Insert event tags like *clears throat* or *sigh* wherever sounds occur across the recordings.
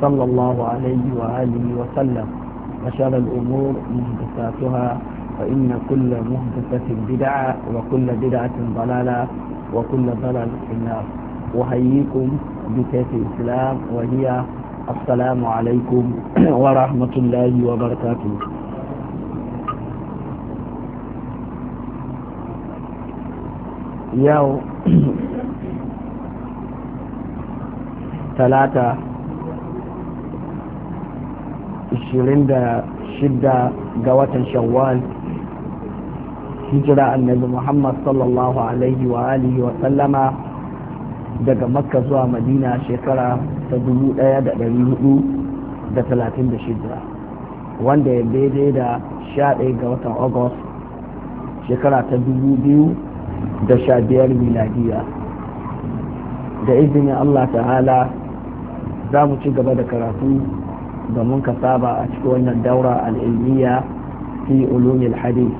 صلى الله عليه وآله وسلم وشر الأمور محدثاتها فإن كل محدثة بدعة وكل بدعة ضلالة وكل ضلال في النار أحييكم بكيف الإسلام وهي السلام عليكم *clears throat* ورحمة الله وبركاته يوم *clears throat* ثلاثة 26 ga watan shawwal hijira annabi muhammad sallallahu alaihi wa alihi wa sallama daga makka zuwa madina shekara ta 1436 wanda ya daidai da 11 ga watan august shekara ta 2015 miladiya da izinin allah ta'ala za mu ci gaba da karatu da mun ka saba a cikin wannan daura al'ilmiya fi ulumil hadith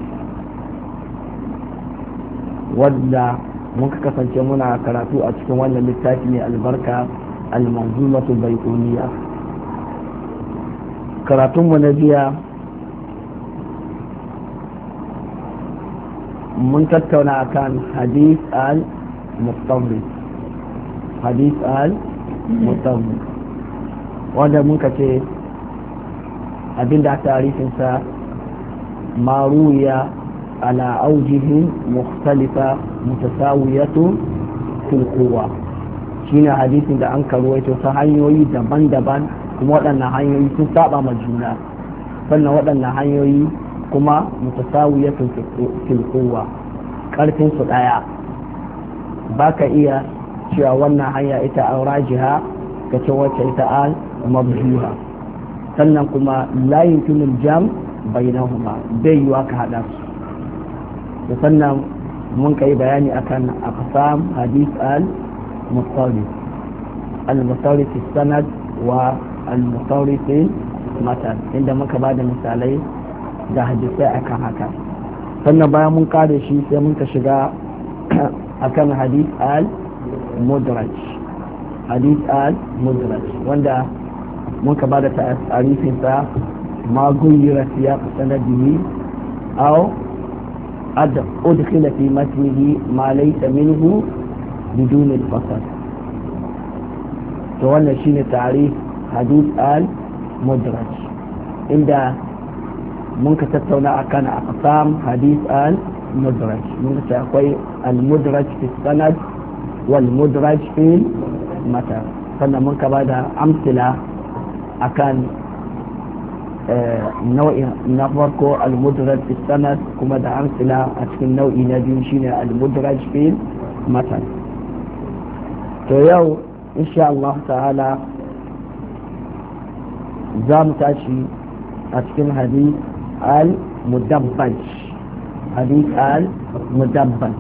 wadda mun ka kasance muna karatu a cikin wannan littafi mai albarka al-manzumatu baikuniya karatunmu na jiya mun tattauna akan hadith al-mustawrid hadith al-mustawrid wanda muka ce abinda tarifinsa maruya ala aujihin mukhtalifa mutasawiyatu fil quwa shine hadisin da an karwaito ta hanyoyi daban-daban kuma waɗannan hanyoyi sun saba ma juna sannan waɗannan hanyoyi kuma mutasawiyatu fil quwa karfin su daya baka iya cewa wannan hanya ita an rajiha ka ce wacce ita al mabzuha sannan kuma layin tunin jam bai bainahuma bai yiwa ka haɗa su sannan mun kai bayani akan aqsam hadith al mustawrid al mustawrid sanad wa al mustawrid matan inda muka ba da misalai da hadisai akan haka sannan bayan mun kare shi sai mun ka shiga *coughs* akan hadith al mudraj hadith al mudraj wanda mun ka bada ta'arifin sa ma ghayyara siyaq sanadihi o da udkhila fi matnihi ma laysa minhu bidun al-fasad to wannan shine ta'arif hadith al-mudraj inda mun ka tattauna akan aqsam hadith al-mudraj mun ka akwai al-mudraj fi sanad wal mudraj fi mata sannan mun ka bada amsila akan nau'in na farko al-mudraj fi sanad kuma da amsila a cikin nau'i na biyu shine al-mudraj fi matan to yau insha Allah ta'ala za mu tashi a cikin hadith al-mudabbaj hadith al-mudabbaj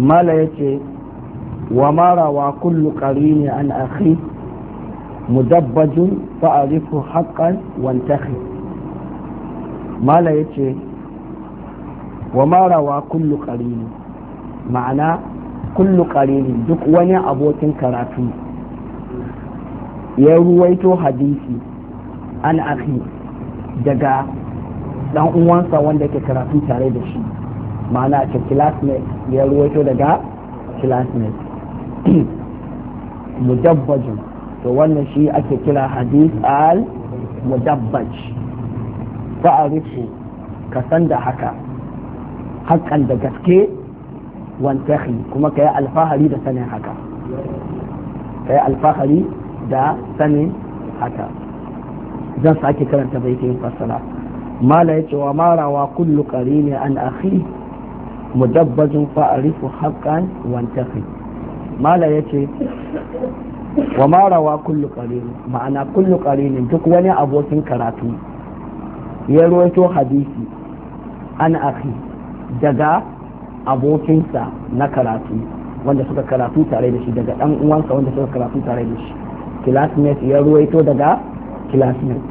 mala yace wa marawa kullu qarini an akhi mudabbajun fa'arifu haqqan wantakhi mala yace wa marawa kullu qarini ma'ana kullu qarini duk wani abokin karatu ya ruwaito hadisi an akhi daga dan uwansa wanda ke karatu tare da shi ma'ana ce classmate ya ruwaito daga classmate mudabbajun to wannan shi ake kira hadith al mudabbaj fa'arifu ka san da haka hakan da gaske wantahi kuma ka yi alfahari da sanin haka ka yi alfahari da sanin haka zan sake karanta baitin fassara mala ya ce wa marawa kullu ne an akhi mudabbajin fa'arifu haqqan wantahi mala ya ce wa ma rawa kullu qarin ma'ana kullu qarin duk wani abokin karatu ya ruwaito hadisi an akhi daga abokinsa na karatu wanda suka karatu tare da shi daga dan uwansa wanda suka karatu tare da shi classmate ya ruwaito daga classmate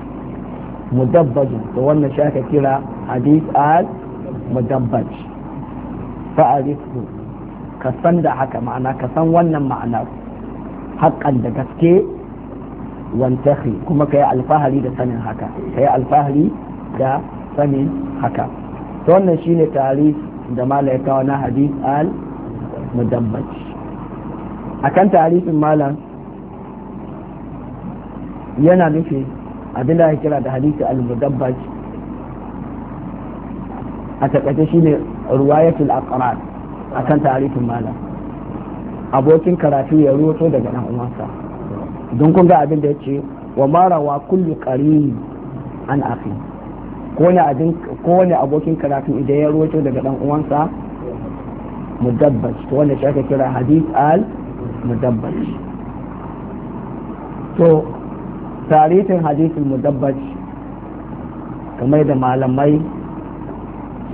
mudabbajin to wannan shi aka kira hadith al mudabbaj fa'arifu ka san da haka ma'ana ka san wannan ma'anar haƙƙan da gaske wantahi kuma ka yi alfahari da sanin haka ka yi alfahari da sanin haka ta wannan shi ne tarif da malaikawa na hadith al mudammac a kan tarifin malam yana nufi abin da ya kira da hadisi al mudammac a takaice shi ne ruwayatul aqran a kan tarifin malam abokin karatu ya roto daga dan uwansa don kun ga abin da ya ce wa mara wa kullu qarini an afi ko wani abokin karatu idan ya roto daga dan uwansa mudabbaj to wanda shi aka kira hadith al mudabbaj to tarihin al mudabbaj kamar da malamai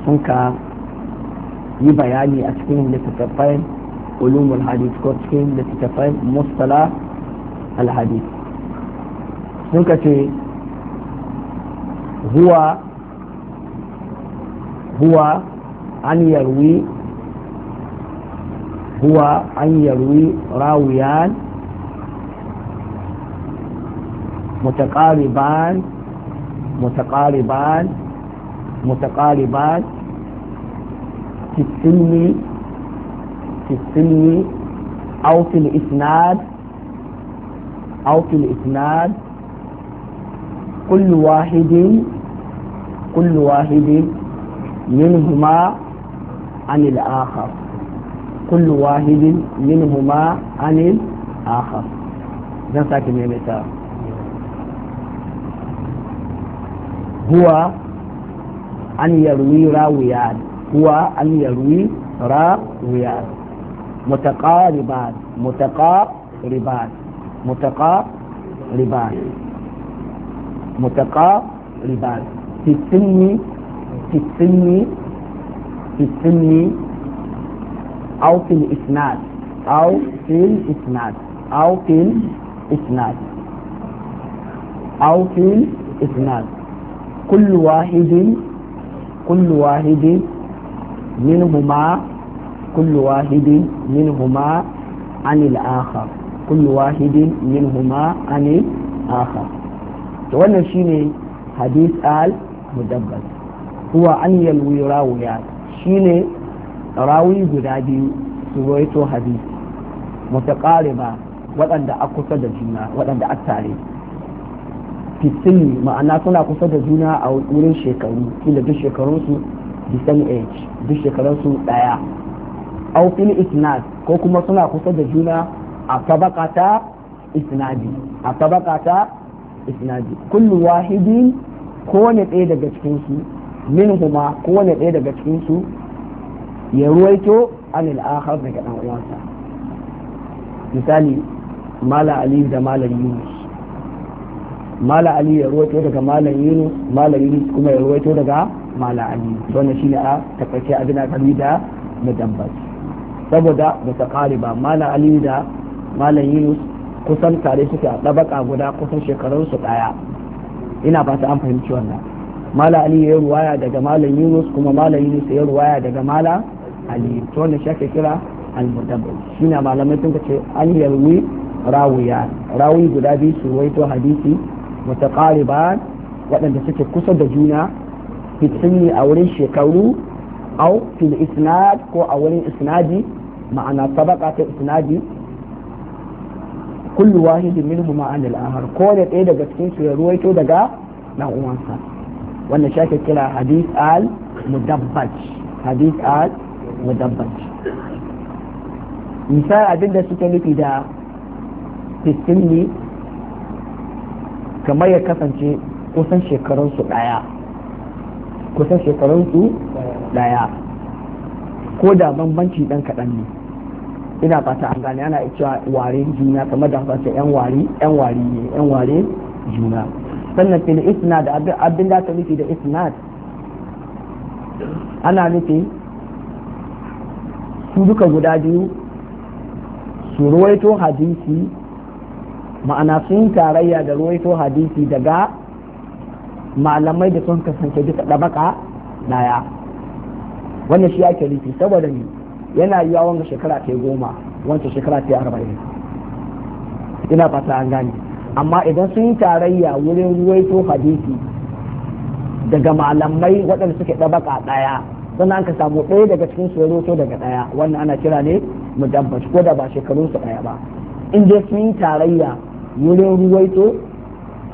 sun ka yi bayani a cikin littattafai علوم الحديث كوتشين التي تفهم مصطلح الحديث سنكا هو هو أن يروي هو أن يروي راويان متقاربان متقاربان متقاربان في السن في السن أو في الإسناد أو في الإسناد كل واحد كل واحد منهما عن الآخر كل واحد منهما عن الآخر ده ساكن هو أن يروي راويان هو أن يروي راويان متقاربان متقاربان متقاربان متقاربان في السن في السن في السن أو في الإسناد أو في الإسناد أو في الإسناد أو في الإسناد كل واحد كل واحد منهما كل واحد منهما عن الآخر كل واحد منهما عن الآخر وانا شيني حديث آل مدبر هو أن يلوي راويات شيني راوي قدادي سويتو حديث متقاربة waɗanda a kusa da juna waɗanda a tare fisili ma'ana suna kusa da juna a wurin shekaru kila duk shekarunsu the age duk shekarunsu ɗaya aw fil isnad ko kuma suna kusa da juna a tabaqata isnadi a tabaqata isnadi kullu wahidin kowane ɗaya daga cikin su ko kowane ɗaya daga cikin su ya ruwaito anil akhar daga dan uwansa misali mala ali da malam yunus mala ali ya ruwaito daga malam yunus malam yunus kuma ya ruwaito daga mala ali shi ne a takaice abin da da mudabbaci saboda mutakariba malam ali da malam yunus kusan tare suke a ɗabaka guda kusan su ɗaya ina fata an fahimci wannan mala ali ya ruwaya daga malam yunus kuma malam yunus ya ruwaya daga mala ali to ne shi ake kira al-mudabbir shine malamai sun ce an yarwi rawiya rawi guda biyu su ruwaito hadisi mutakariba waɗanda suke kusa da juna fitinni a wurin shekaru au fil isnad ko a wurin isnadi ma'ana sabaka ta isnadi kullu wahidin minhu ma'an al-ahar ko da ɗaya daga cikin su ya ruwaito daga dan uwansa wannan shi ake kira hadith al mudabbaj hadith al mudabbaj misal abin da suke nufi da fitilli kamar ya kasance kusan shekarunsu ɗaya kusan su daya ko da bambanci dan kaɗan ne ina fata an gane ana cewa ware juna kamar da fasa yan wari yan wari ne yan ware juna sannan fil isnad abin da ta nufi da isnad ana nufi su duka guda biyu su ruwaito hadisi ma'ana sun tarayya da ruwaito hadisi daga malamai da sun kasance duka ɗabaka ɗaya wannan shi ake nufi saboda ni yana yiwa wanga shekara ta goma wanda shekara ta arba'in ina fata an gane amma idan sun yi tarayya wurin ruwaito hadisi daga malamai waɗanda suke ɗabaka ɗaya sannan ka samu ɗaya daga cikin su daga ɗaya wannan ana kira ne mu dabbaci ko da ba shekarunsu ɗaya ba in dai sun yi tarayya wurin ruwaito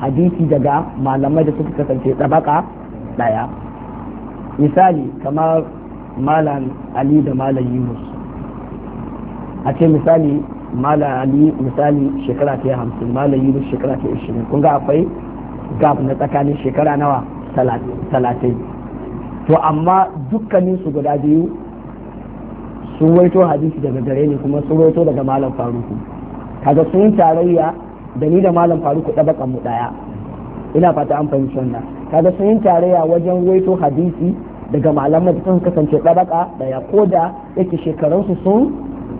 hadisi daga malamai da suka kasance tsabaka ɗaya misali kamar malam ali da malam yunus a ce misali malam ali misali shekara ta hamsin malam yunus shekara ta ishirin kun ga akwai gab na tsakanin shekara nawa talatin to amma dukkanin su guda biyu sun waito hadisi daga gare ne kuma sun waito daga malam faruku kaga sun tarayya da ni da malam faruku ɗabakan mu ɗaya ina fata an fahimci wannan kaga sun yi tarayya wajen waito hadisi daga malamai da sun kasance ɗabaka ɗaya ko da yake shekarunsu sun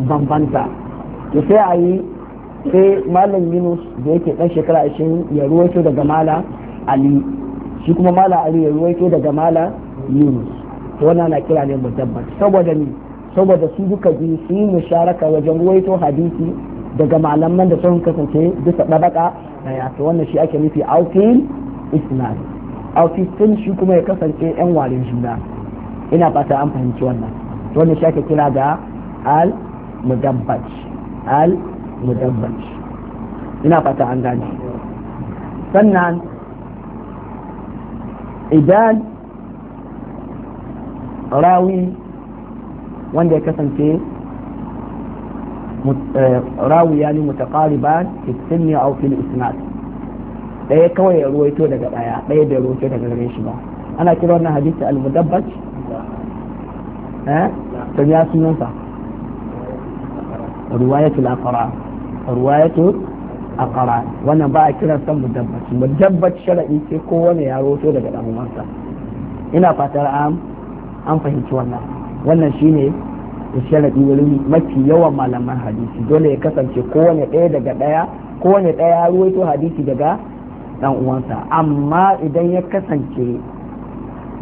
bambanta to sai a yi sai malam yunus da yake ɗan shekara ashirin ya ruwaito daga mala ali shi kuma mala ali ya ruwaito daga mala yunus to wani ana kira ne mu saboda ni saboda su duka biyu su yi musharaka wajen waito hadisi daga malaman da sun kasance bisa ɗabaƙa na eh, to wannan shi ake nufi aukin isnad aukin shi kuma ya kasance yan warin juna ina fata an fahimci wannan to wannan shi ake kira da al mudabbaj al mudabbaj ina fata an gane sannan idan rawi wanda ya kasance Eh, rawiyani mutaqariban fi sunni aw fil isnad daya kawai ya ruwaito daga daya daya bai ruwaito daga gare shi ba ana kira wannan hadisi al-mudabbaj eh to ya sunan sa riwayatul aqra riwayatul aqra wannan ba a kiran san mudabbaj mudabbat shar'i sai kowane ya ruwaito daga dan uwansa ina fatar am an fahimci wannan wannan shine ku sharaɗi wurin mafi yawan malaman hadisi dole ya kasance kowane ɗaya daga ɗaya kowane ɗaya ruwaito hadisi daga ɗan uwansa amma idan ya kasance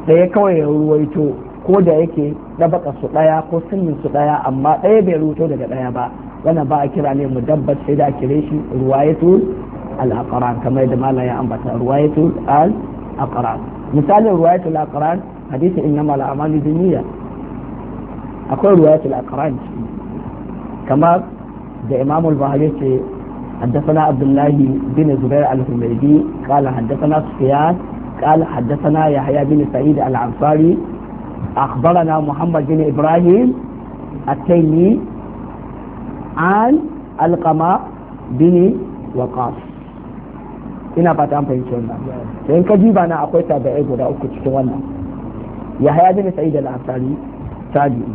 ɗaya kawai ya ruwaito ko da yake ɗabaka su ɗaya ko sunnin su ɗaya amma ɗaya bai ruwaito daga ɗaya ba wanda ba a kira ne mu dabbat sai da kire shi ruwaito al kamar da malaya ya ambata ruwaito al-aqran misalin ruwayatul al-aqran hadisi innamal a'malu duniya. akwai riwayatul aqran kamar da imam al-bahari ce حدثنا عبد الله بن زبير الحميدي قال حدثنا سفيان قال حدثنا يحيى بن سعيد الانصاري اخبرنا محمد بن ابراهيم التيمي عن القمة بن وقاص ina fata an fahimci wannan sai in ka jiba na akwai tabi'ai guda uku cikin wannan yahaya bin sa'id al-ansari tabi'i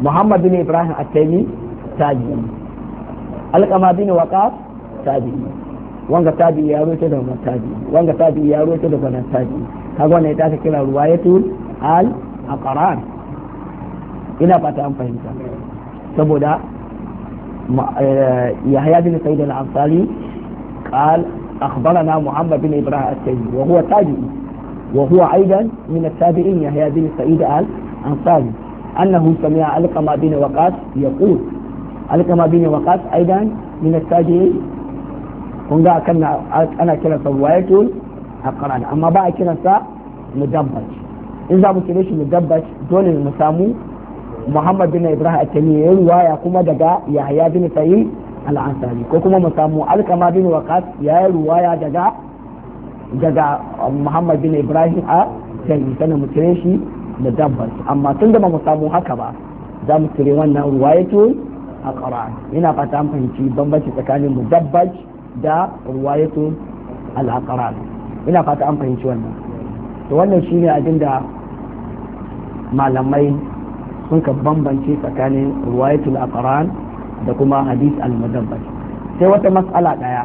muhammad bin ibrahim at-taymi tabi'i alqama bin waqas tabi'i wanga tabi'i ya roce da wannan tabi'i wanga tabi'i ya roce da wannan tabi'i kaga wannan ita aka kira tun al aqran ina fata an fahimta saboda يحيى بن سعيد الأنصاري قال أخبرنا محمد بن إبراهيم التيمي وهو تابعي وهو أيضا من التابعين يحيى بن سعيد الأنصاري أنه سمع القمة بن وقاص يقول alkama bin waqas aidan min as-sajid kun ga kan ana kiran sa wayatul aqran amma ba a kiran sa mudabbaj in za mu kire shi mudabbaj dole mu samu Muhammad bin Ibrahim at-Taymi ya riwaya kuma daga yahaya bin Sa'id al ko kuma mu samu alkama bin waqas ya riwaya daga daga Muhammad bin Ibrahim a taymi sanan mu kire shi da dabbar amma tun da ba mu samu haka ba za mu cire wannan ruwayatul aqran ina fata an fahimci bambanci tsakanin mu mudabbaj da ruwayatul al aqran ina fata an fahimci wannan to wannan shine abin da malamai sun ka bambance tsakanin ruwayatul aqran da kuma hadis al mudabbaj sai wata mas'ala daya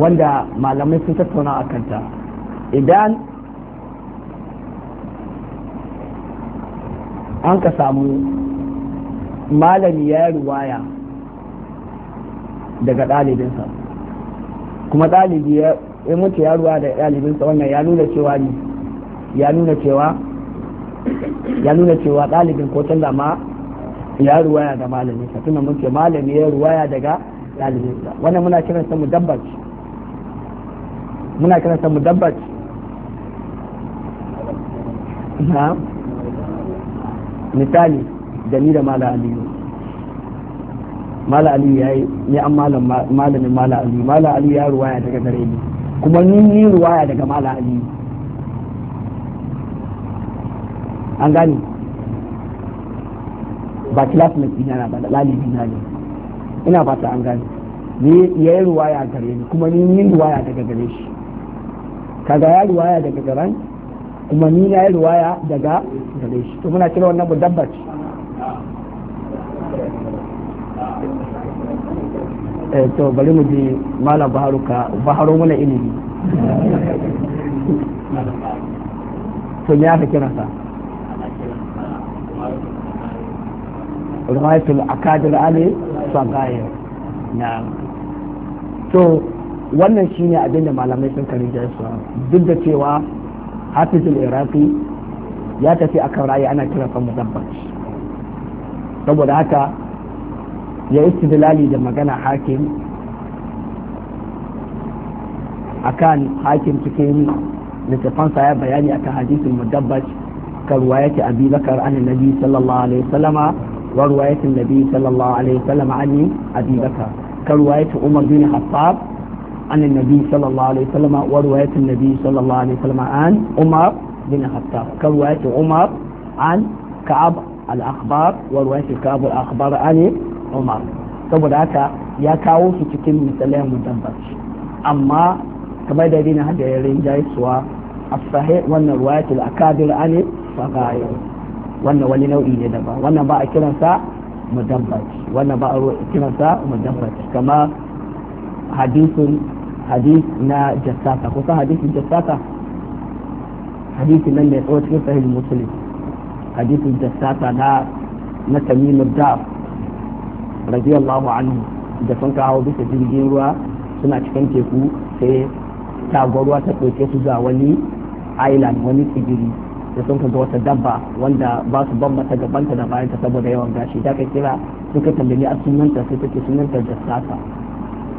wanda malamai sun tattauna a kanta idan an ka samu malami ya ruwaya daga ɗalibinsa kuma ɗalibi ya mutu ya ruwa da ɗalibinsa wannan ya nuna cewa ne ya nuna cewa ya nuna cewa ɗalibin ko talla ma ya ruwaya da malami sa tunan mun ce malami ya ruwaya daga ɗalibinsa wannan muna kiran sa mudabbat muna kiran sa mudabbat na'am misali da ni da mala aliyu mala aliyu ya yi ni an malamin mala aliyu mala aliyu ya ruwaya daga gare ni kuma ni ni ruwaya daga mala aliyu an gani ba classmate ina na ba lalibi na ne ina ta an gani ni ya yi ruwaya gare ni kuma ni ni ruwaya daga gare shi kaga ya ruwaya daga garan kuma ni na yi ruwaya daga gare shi to muna kira wannan budabba ce eh to bari mu ji mala baharuka baharo mana ilimi to ya aka kira sa ruwayatul akadir ali sagayir na to wannan shine abinda malamai sun karin jaisu duk da cewa hafiz al-iraqi ya tafi a kan ra'ayi ana kira sa muzabbaj saboda haka ya istidlali da magana hakim akan hakim cikin littafansa ya bayani akan hadisin mudabbaj kan ruwayati abi bakar an nabi sallallahu alaihi wasallama wa ruwayati nabi sallallahu alaihi wasallama an abi bakar ka ruwayati umar bin khattab عن النبي صلى الله عليه وسلم ورواية النبي صلى الله عليه وسلم عن عمر بن الخطاب كرواية عمر عن كعب الأخبار ورواية كعب الأخبار عن عمر طب ذاك يا كاو في تكيم مثلها مدبرش أما كما يدرين هذا يرين جايس و الصحيح وأن رواية الأكابر عن الصغائر وأن ولي نوعي ندبا وأن بقى كنسا مدبرش وأن بقى كنسا مدبرش كما حديث hadith na jassasa kusa hadithin jassasa hadithin nan mai tsawo cikin sahih muslim hadithin jassasa na na tamimu da radiyallahu anhu da sun hau bisa jirgin ruwa suna cikin teku sai tagwar ruwa ta ɗauke su ga wani island wani tsibiri da sun kaga wata dabba wanda ba su bambata gabanta da bayanta saboda yawan gashi da ka kira suka tambayi a sunanta sai take sunanta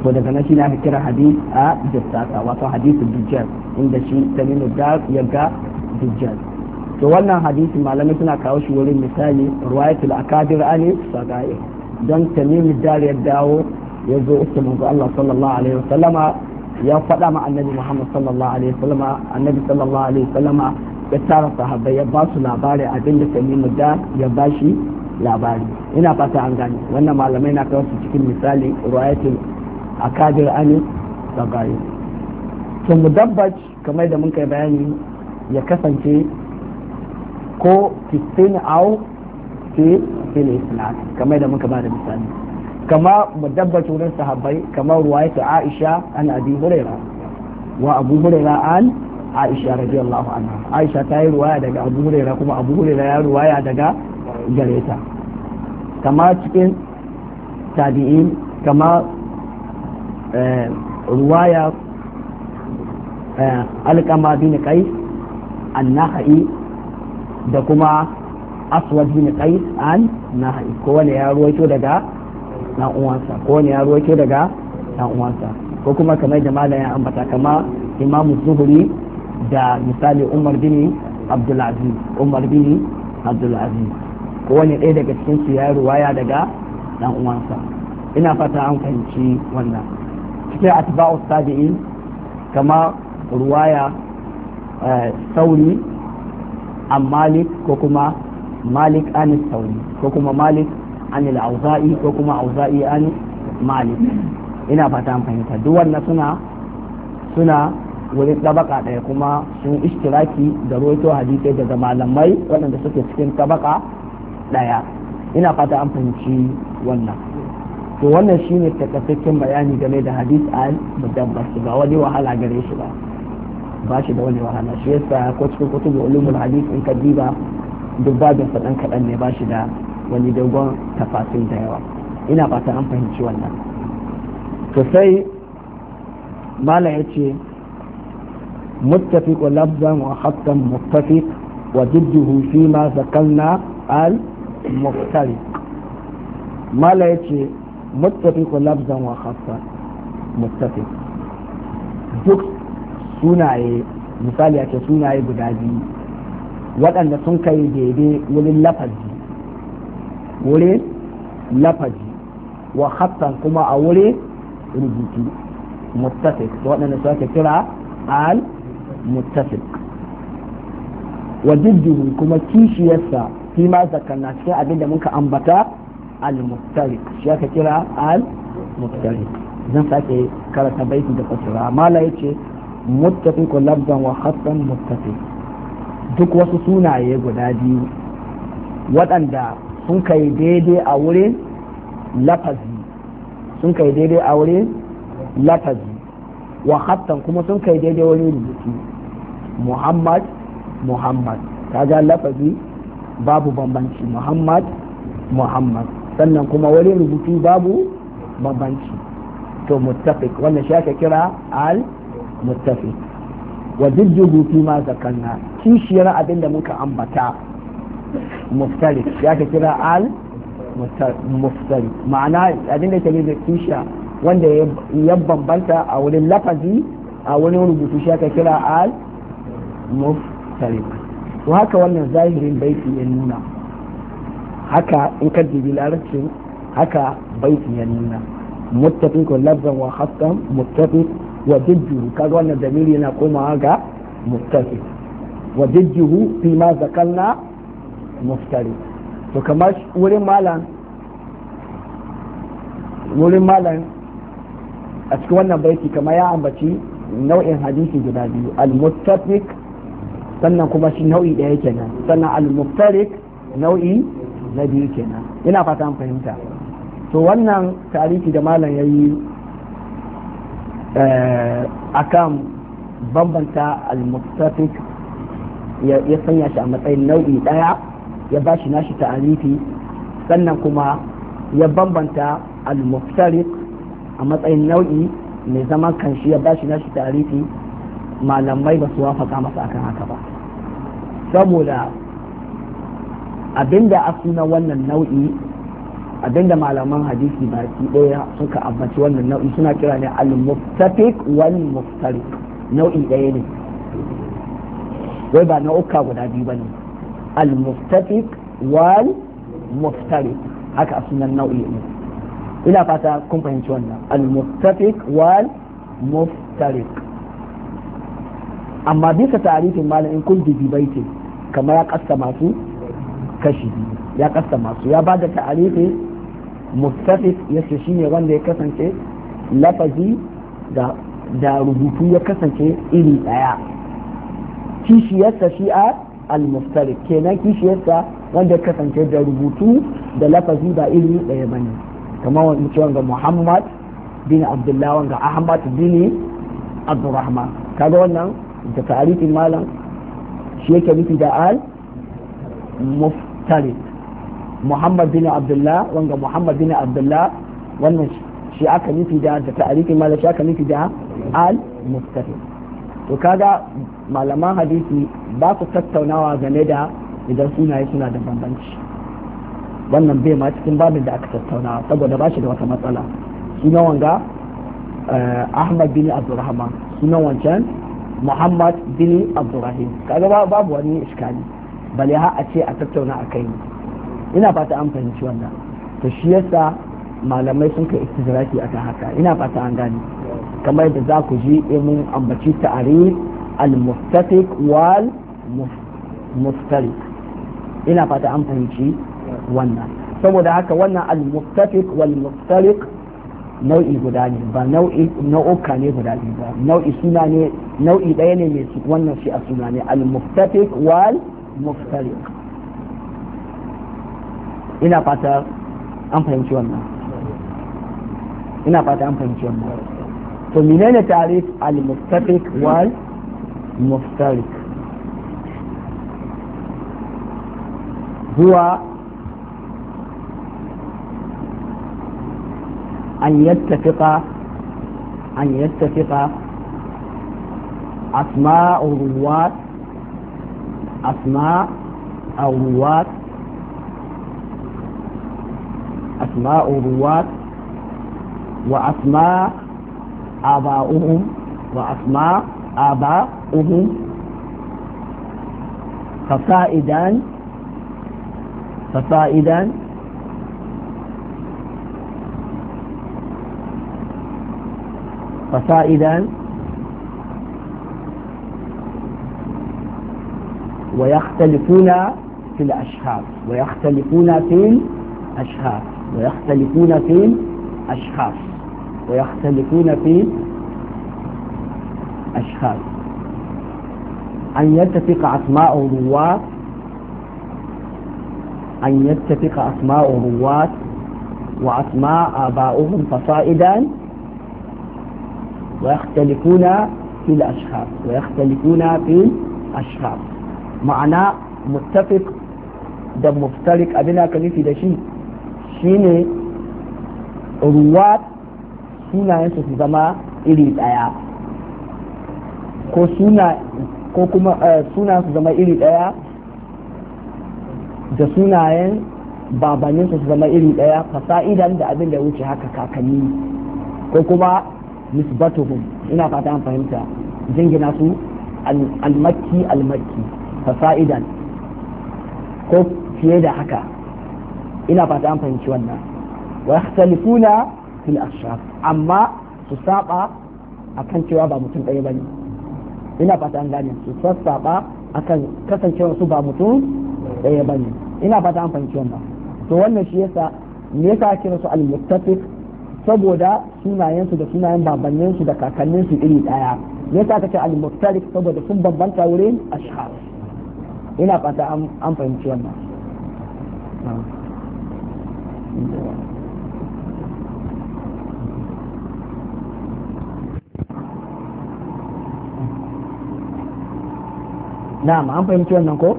to daga na shi ne aka kira hadith a jassasa wato hadithu dujjal inda shi taminu da ya ga dujjal to wannan hadisi malamai suna kawo shi wurin misali ruwayatul akadir ani sagai don tamim dar ya dawo ya zo uku manzo Allah sallallahu alaihi wasallama ya faɗa annabi Muhammad sallallahu alaihi wasallama annabi sallallahu alaihi wasallama ya tara sahabbai ya basu su abinda tamim dar ya bashi labari ina fata an gane wannan malamai na kawo su cikin misali ruwayatul A kadir ani tsagari to mudabbac kamar da mun kai bayani ya kasance ko fistin au ke fil islam kamar da muka ba da misali kama mudabbac wurin sahabbai kamar ta aisha an abi huraira wa abu huraira an aisha radiyallahu anha aisha ta yi ruwaya daga abu huraira kuma abu huraira ya ruwaya daga gareta kama cikin tabi'in kama Eh, ruwaya eh, alƙama bin kai nahai, da kuma aswad bin kai an nahai wani ya ruwaito daga na'uwansa uwansa wani ya ruwaito daga na'uwansa uwansa ko kuma kamar da ya ambata kama imamu zuhuri da misali umar bin abdulaziz umar bin abdulaziz wani ɗaya daga cikin su ya ruwaya daga ɗan uwansa ina fata an fahimci wannan cikin atba'u tabi'in kama ruwaya eh, sauri an malik ko kuma malik an sauri ko kuma malik an auza'i ko kuma auza'i an malik ina fata an fahimta duk wannan suna suna wurin tabaka ɗaya kuma sun ishtiraki da roto hadisai daga malamai waɗanda suke cikin tabaka ɗaya ina fata an fahimci wannan to wannan shine takaitaccen bayani game da hadis al mudabbar ba wani wahala gare shi ba ba shi da wani wahala shi yasa ko cikin kutubu ulumul hadis in ka diba duk babin sa kaɗan kadan ne ba shi da wani dogon tafasil da yawa ina fata an fahimci wannan to sai mala yace متفق لفظا وخطا wa وضده فيما ذكرنا al mala لا ce. muttafiq lafzan wa khassa muttafiq duk sunaye misali ake sunaye guda biyu waɗanda sun kai daidai wurin lafazi wurin lafazi wa khassan kuma a wurin rubutu muttafiq waɗanda su ake kira al muttafiq wa jidduhu kuma kishiyarsa fi ma zakarna cikin abin da muka ambata al-muftariq shi aka kira al-muftariq zan sake karanta baitin da fasara amma la yace ko labdan wa hasan duk wasu sunaye guda biyu waɗanda sun kai daidai a wurin lafazi sun kai daidai a wurin lafazi wa hasan kuma sun kai daidai wurin rubutu muhammad muhammad kaga lafazi babu bambanci muhammad muhammad sannan kuma wani rubutu babu bambanci to muttafiq wannan shi aka kira al muttafiq wa jujjubu fi ma zakanna kishiyar abin da muka ambata muftarik ya ka kira al muftarik ma'ana abin da ke da kishiya wanda ya bambanta a wurin lafazi a wurin rubutu shi aka kira al muftarik to haka wannan zahirin baiti ya nuna haka in ka dubi larabcin haka bai ya nuna muttafiq ko lafzan wa haqqan muttafiq wa ka kaga wannan damiri yana komawa ga muttafiq wa jiddu fi ma na muftari to kamar wurin malam wurin malam a cikin wannan baiti kamar ya ambaci nau'in hadisi guda biyu al-muttafiq sannan kuma shi nau'i ɗaya kenan sannan al-muftariq nau'i na biyu kenan ina fata an fahimta to wannan tarihi da malam ya yi eh, a kan bambanta al ya sanya shi a matsayin nau'i ɗaya ya ba shi nashi ta'arifi sannan kuma ya bambanta al a matsayin nau'i mai zaman kanshi ya ba shi nashi ta'arifi malamai ba su wafaka masa akan haka ba saboda abinda a suna wannan nau'i abinda malaman hadisi baki ɗaya suka ambaci wannan nau'i suna kira ne al-muftafiq wal muftariq nau'i ɗaya ne wai ba nau'uka guda biyu bane al-muftafiq wal muftariq haka a sunan nau'i ne ina fata kun fahimci wannan al-muftafiq wal muftariq amma bisa tarihin malamin kun bibi kamar ya kasta masu kashi ya kasa masu ya ba da ta'arifi mustafis ya ce ne wanda ya kasance lafazi da da rubutu ya kasance iri daya kishiyarsa shi a al-muftarif kenan kishiyarsa wanda ya kasance da rubutu da lafazi ba iri daya ne kamar wani wanga muhammad bin abdullahi wanga ahmad bin abdurrahman kaga wannan da ta'arifin malam shi yake nufi da al-muftarif tare muhammad bin abdullah wanga muhammad bin abdullah wannan shi aka nufi da da ta'arikin malam shi aka nufi da al mustafi to kaga malaman hadisi ba su tattaunawa game da idan sunaye suna da bambanci wannan bai ma cikin babin da aka tattauna saboda ba shi da wata matsala sunan wanga eh, ahmad bin abdurrahman sunan wancan muhammad bin abdurrahim kaga babu wani iskali bale ha a ce a tattauna a kai ina fata an fahimci wannan to shi yasa malamai sun kai istizraki a kan haka ina fata an gane kamar da za ku ji mun ambaci ta'arif al-muftatiq wal muftariq ina fata an fahimci wannan saboda haka wannan al-muftatiq wal muftarik nau'i guda ne ba nau'i nau'uka ne guda biyu ba nau'i suna ne nau'i ɗaya ne mai wannan shi a suna ne al-muftatiq wal مفترق ina fata an fahimci wannan ina fata an fahimci wannan to menene tarif al-muftariq wal muftariq هو أن يتفق أن يتفق أسماء الرواة أسماء أو رواد أسماء رواد وأسماء آباؤهم وأسماء آباؤهم فصائدا فصائدا فصائدا ويختلفون في الأشخاص ويختلفون في الأشخاص ويختلفون في الأشخاص ويختلفون في الأشخاص أن يتفق أسماء الرواة أن يتفق أسماء الرواة وأسماء آبائهم فصائدا ويختلفون في الأشخاص ويختلفون في الأشخاص ma'ana muttafiq da muftarik abin da aka nufi da shi shine ruwa sunayensu su zama iri ɗaya ko suna ko kuma eh, suna su zama iri ɗaya da sunayen babaninsu su zama iri ɗaya fasa'idan da abin da ya wuce haka kakanni ko kuma nisbatuhum ina fata an fahimta jingina su almaki. almaki fasa'idan ko fiye da haka ina fata an fahimci wannan wa yakhtalifuna fil ashraf amma su saba akan cewa ba mutum ɗaya bane ina fata an gane su sassaba akan kasancewa su ba mutum ɗaya bane ina fata an fahimci wannan to wannan shi yasa me yasa ake su al-muttafiq saboda sunayensu da sunayen babanninsu da kakanninsu iri ɗaya me yasa aka ce al-muttafiq saboda sun bambanta wurin ashkhas ina fata an fahimci wannan na'am an fahimci wannan ko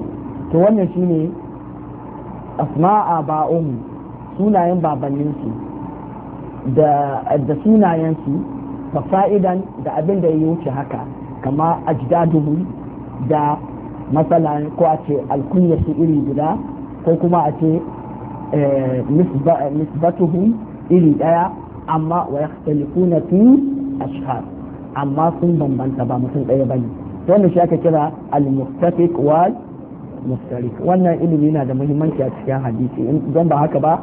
to wannan shine asma'a ba'un um, sunayen babanninsu da da sunayensu fa'idan da abin da ya wuce haka kama ajdaduhum da matsala ko a ce alkunya iri guda ko kuma a ce eh, nisbatuhum iri daya amma wa yakhtalifuna fi ashhar amma sun bambanta ba mutum daya bane wannan shi aka kira al wal mustarik wannan ilimi yana da muhimmanci a cikin hadisi don ba haka ba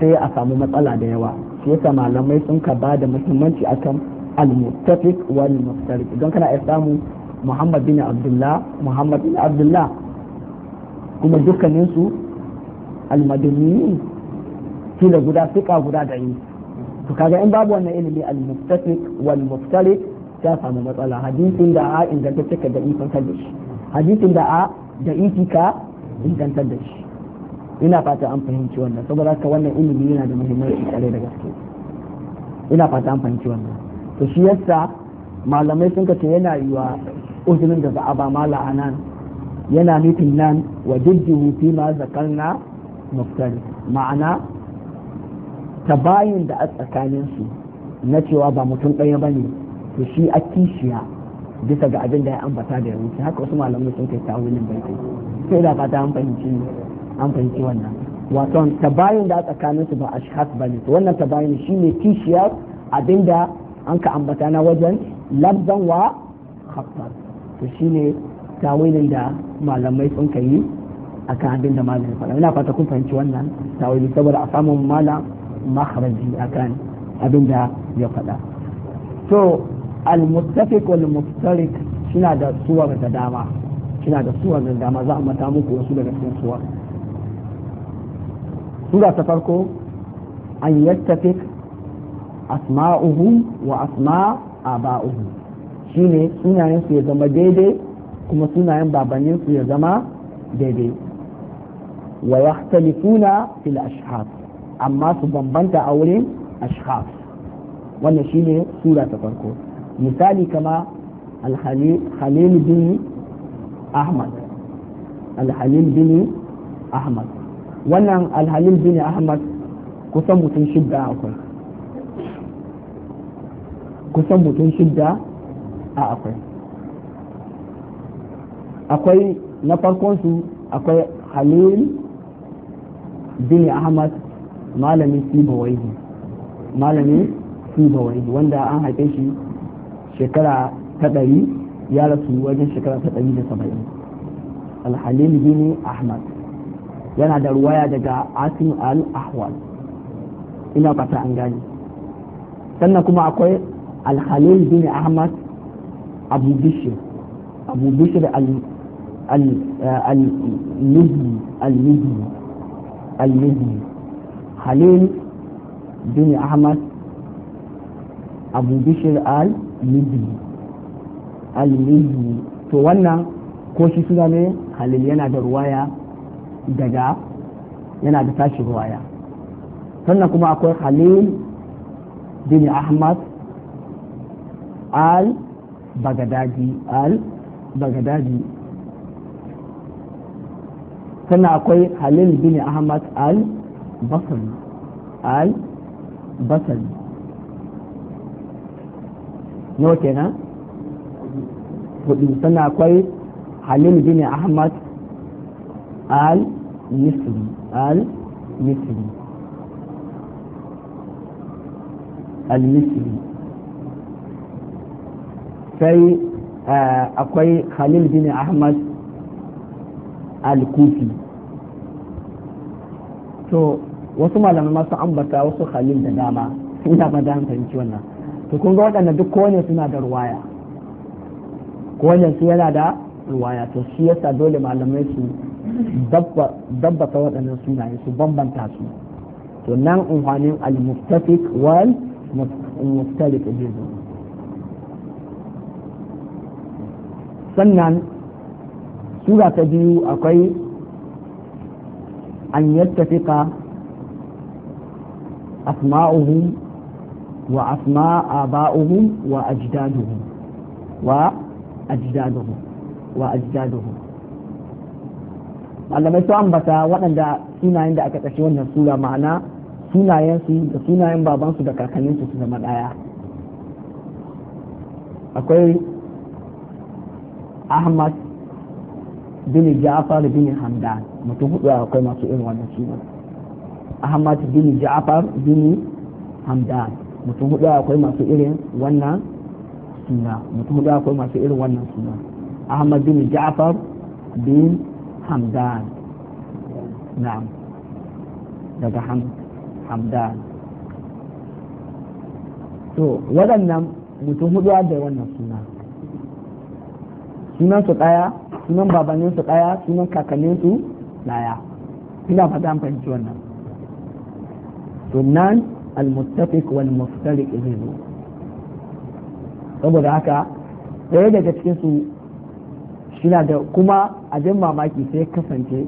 sai a samu matsala da yawa shi yasa malamai sun ka ba da muhimmanci akan al-muttafiq wal mustarik don kana iya samu muhammad bin abdullah muhammad bin abdullah kuma dukkaninsu almadaniyin kila guda fika guda da yi to kaga in babu wannan ilimi al wal muftarik ta samu matsala hadisin da a ingantacce ka da ingantar da shi hadisin da a da iti ka da shi ina fata an fahimci wannan saboda wannan ilimi yana da muhimmanci kare da gaske ina fata an fahimci wannan to shi yasa malamai sun ka ce yana yiwa uzurin da za a ba mala a nan yana nufin nan wa jujjuhu fi ma na, muftari ma'ana tabayin da a tsakaninsu na cewa ba mutum ɗaya ba ne to shi a kishiya bisa ga abin da ya ambata da ya wuce haka wasu malamai sun kai tawilin baiti sai da fata an fahimci an fahimci wannan wato tabayin da a tsakaninsu ba ashkhas ba ne wannan tabayin ne kishiyar abinda an ka ambata na wajen labzan wa khatar to ne tawilin da malamai sun ka yi akan abin da malamai faɗa ina fata kun fahimci wannan tawilin saboda a samun mala makharaji akan abin da ya faɗa to al-muttafiq wal mustarik suna da suwar da dama suna da suwar da dama za a mata muku wasu daga cikin suwar sura ta farko an yattafiq Asma'uhu wa asma' Aba'uhu. shine sunayen su ya zama daidai kuma sunayen babannin su ya zama daidai wa yahtalifuna fil ashhab amma su bambanta a wurin ashhab wannan shine sura ta farko misali kama alhalil bini bin ahmad alhalil bin ahmad wannan alhalil bini bin ahmad kusan mutum shidda akwai kusan mutum shidda a akwai akwai na farkon su akwai halil bin ahmad malamin sibawaihi malamin sibawaihi wanda an haife shi shekara ta ɗari ya rasu wajen shekara ta ɗari da saba'in alhalil bin ahmad yana da ruwaya daga asim al-ahwal ina fata an gani sannan kuma akwai alhalil bin ahmad abu bishir abu bishir al-mizzi halil bin ahmad abu bishir al-mizzi al-mizzi to wannan ko shi suna ne halil yana da ruwaya daga yana da tashi ruwaya sannan kuma akwai halil bin ahmad al bagadaji al bagadaji sannan akwai halil bin ahmad al basri al basri n'o kenan hudu sannan akwai halil bin ahmad al misri al misri al misri sai eh, akwai khalil bin ahmad al-kufi to wasu malamai masu ambata wasu khalil da dama *laughs* ina ba dan fahimci wannan to kun ga waɗanda duk kowane suna da ruwaya kowane su yana da ruwaya to shi yasa dole malamai su dabbata waɗannan sunaye su bambanta su to nan umhanin al-muftafiq wal muftalif ibn sannan sura ta biyu akwai an yattafika asma'uhu wa asma'a ba'uhu wa ajdaduhum wa ajdaduhum wa ajdaduhum malamai su ambata waɗanda sunayen da aka ƙashe wannan sura ma'ana sunayensu da sunayen babansu da kakanninsu su zama ɗaya akwai ahmad bin ja'far bin hamdan mutum hudu akwai masu irin wannan sunan ahmad bin ja'far bin hamdan mutum hudu akwai masu irin wannan suna mutum hudu akwai masu irin wannan suna ahmad bin ja'far bin hamdan na'am daga hamdan to waɗannan mutum hudu da wannan suna sunan su daya sunan babanin su daya sunan kakannin su daya ina fata an fahimci wannan sunan al-muttafiq wal muftariq zai saboda haka ɗaya daga cikin su shina da kuma a abin mamaki sai kasance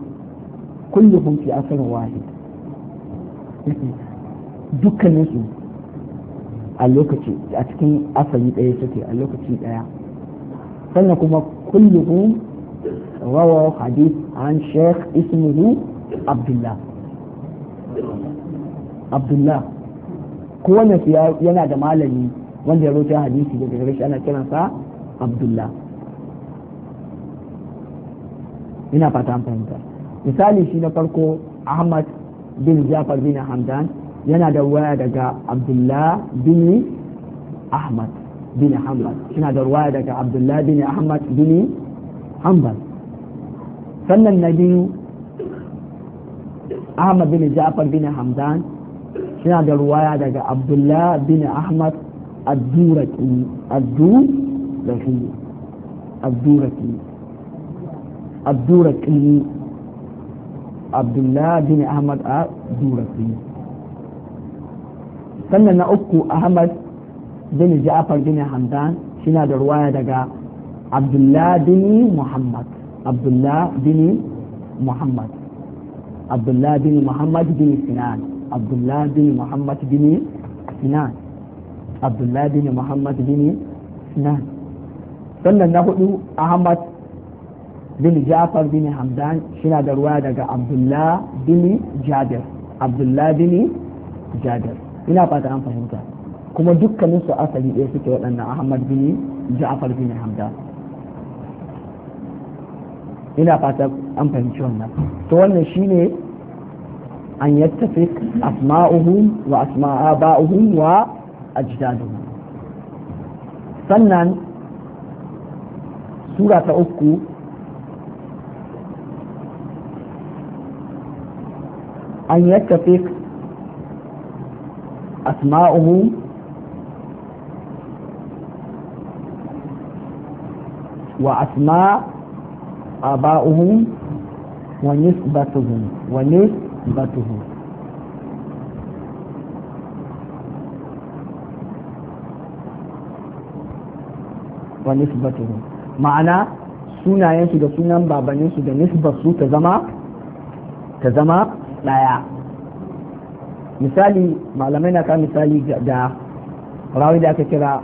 kun fi wahi dukkanin *laughs* dukkaninsu a lokaci a cikin asali ɗaya suke a lokaci ɗaya sannan kuma كلهم رووا حديث عن شيخ اسمه عبد الله عبد الله kowane su yana da malami wanda ya rota hadisi daga gare ana kiransa abdullah ina fata an fahimta misali shi na farko ahmad bin jafar bin hamdan yana da waya daga abdullah bin ahmad bin hanbal suna da ruwaya daga abdullahi bin ahmad bin hanbal sannan na biyu ahmad bin ja'far bin hamdan suna da ruwaya daga abdullahi bin ahmad ad-duraki ad-duraki abdullahi ahmad sannan na uku ahmad bin ja'far bin hamdan shina da ruwaya daga abdullah bin muhammad abdullah bin muhammad abdullah bin muhammad bin sinan abdullah bin muhammad bin sinan abdullah bin muhammad bin sinan sannan na hudu ahmad bin ja'far bin hamdan shina da ruwa daga abdullah bin jabir abdullah bin jabir ina fata an fahimta kuma dukkanin su asali ɗaya suke waɗannan ahmad bin ja'far bin hamda ina fata an fahimci wannan to wannan shine an yattafi asma'uhum wa asma'a ba'uhum wa ajdaduhum sannan sura ta uku an yattafi asma'uhum wa asma aba'uhum wa nisbatuhum wa nisbatuhum wa nisbatuhum ma'ana sunayensu da sunan babaninsu da nisbarsu ta zama ta zama ɗaya misali malamai na ka misali da rawi da aka kira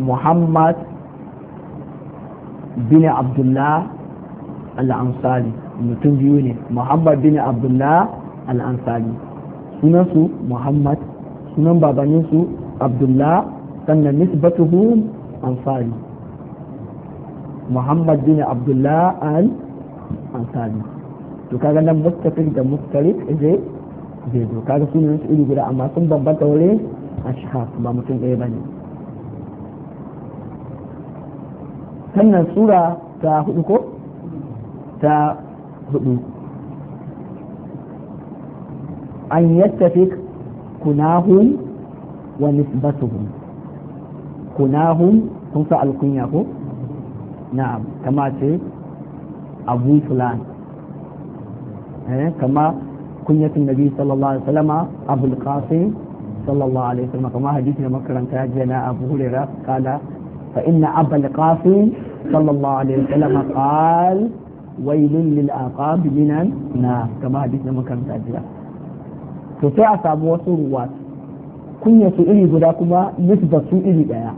muhammad bin abdullah al mutum biyu ne muhammad bin abdullah al sunansu muhammad sunan babaninsu abdullah sannan nisbatuhu ansari muhammad bin abdullah al to kaga nan da mustarif zai zai zo kaga sunan su iri guda amma sun bambanta wurin ashhab ba mutum ɗaya bane wannan sura ta hudu ko ta hudu an yattafi kunahun wa nisbatuhum Kunahun kun sa alkunya ko na'am kama ce abu fulan eh kama kunyatun nabi sallallahu alaihi wasallama abul qasim sallallahu alaihi wasallam kama hadisi na makaranta jiya na abu hurairah kala فإن أبا القاسم صلى الله عليه وسلم قال ويل للأقاب من النار كما حدثنا من كان تاجيا فسي أصاب وصور وات كن نسبة سئلي دايا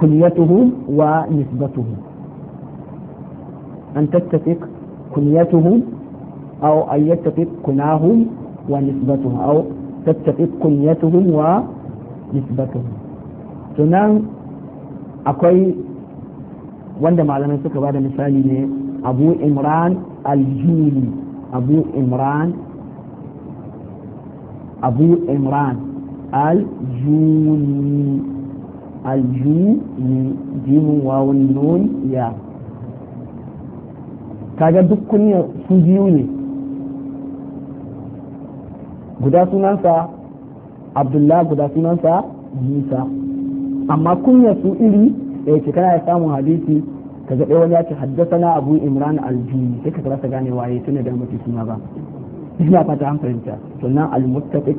كنيتهم ونسبتهم أن تتفق كنيتهم أو أن يتفق كناهم ونسبتهم أو تتفق كنيتهم ونسبتهم tunan akwai wanda malamai suka ba da misali ne abu imran aljuli abu imran abu imran aljuni aljuni jimin wawun nun ya kaga duk kunya su biyu ne guda sunansa abdullah guda sunansa musa amma kunya su iri da eh, yake kana samun hadisi ka ga wani ya ce haddasana abu imran al sai ka rasa gane waye tuna da mutum suna ba ina fata an fahimta sannan al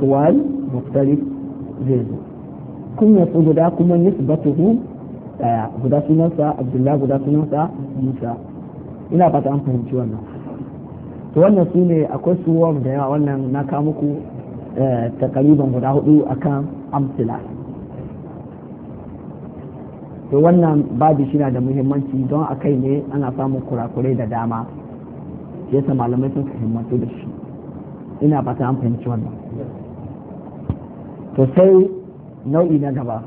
wal mukhtalif zai zo kunya su guda kuma nisbatuhu daya eh, guda sunansa abdullahi guda sunansa musa ina fata an fahimci wannan to wannan su ne akwai suwar da yawa wannan na kawo muku eh, takariban guda hudu akan amsila to wannan babu shi na da muhimmanci don a kai ne ana samun kurakurai da dama yasa malamai sun himmatu da shi ina fata an fahimci wannan to sai nau'i na gaba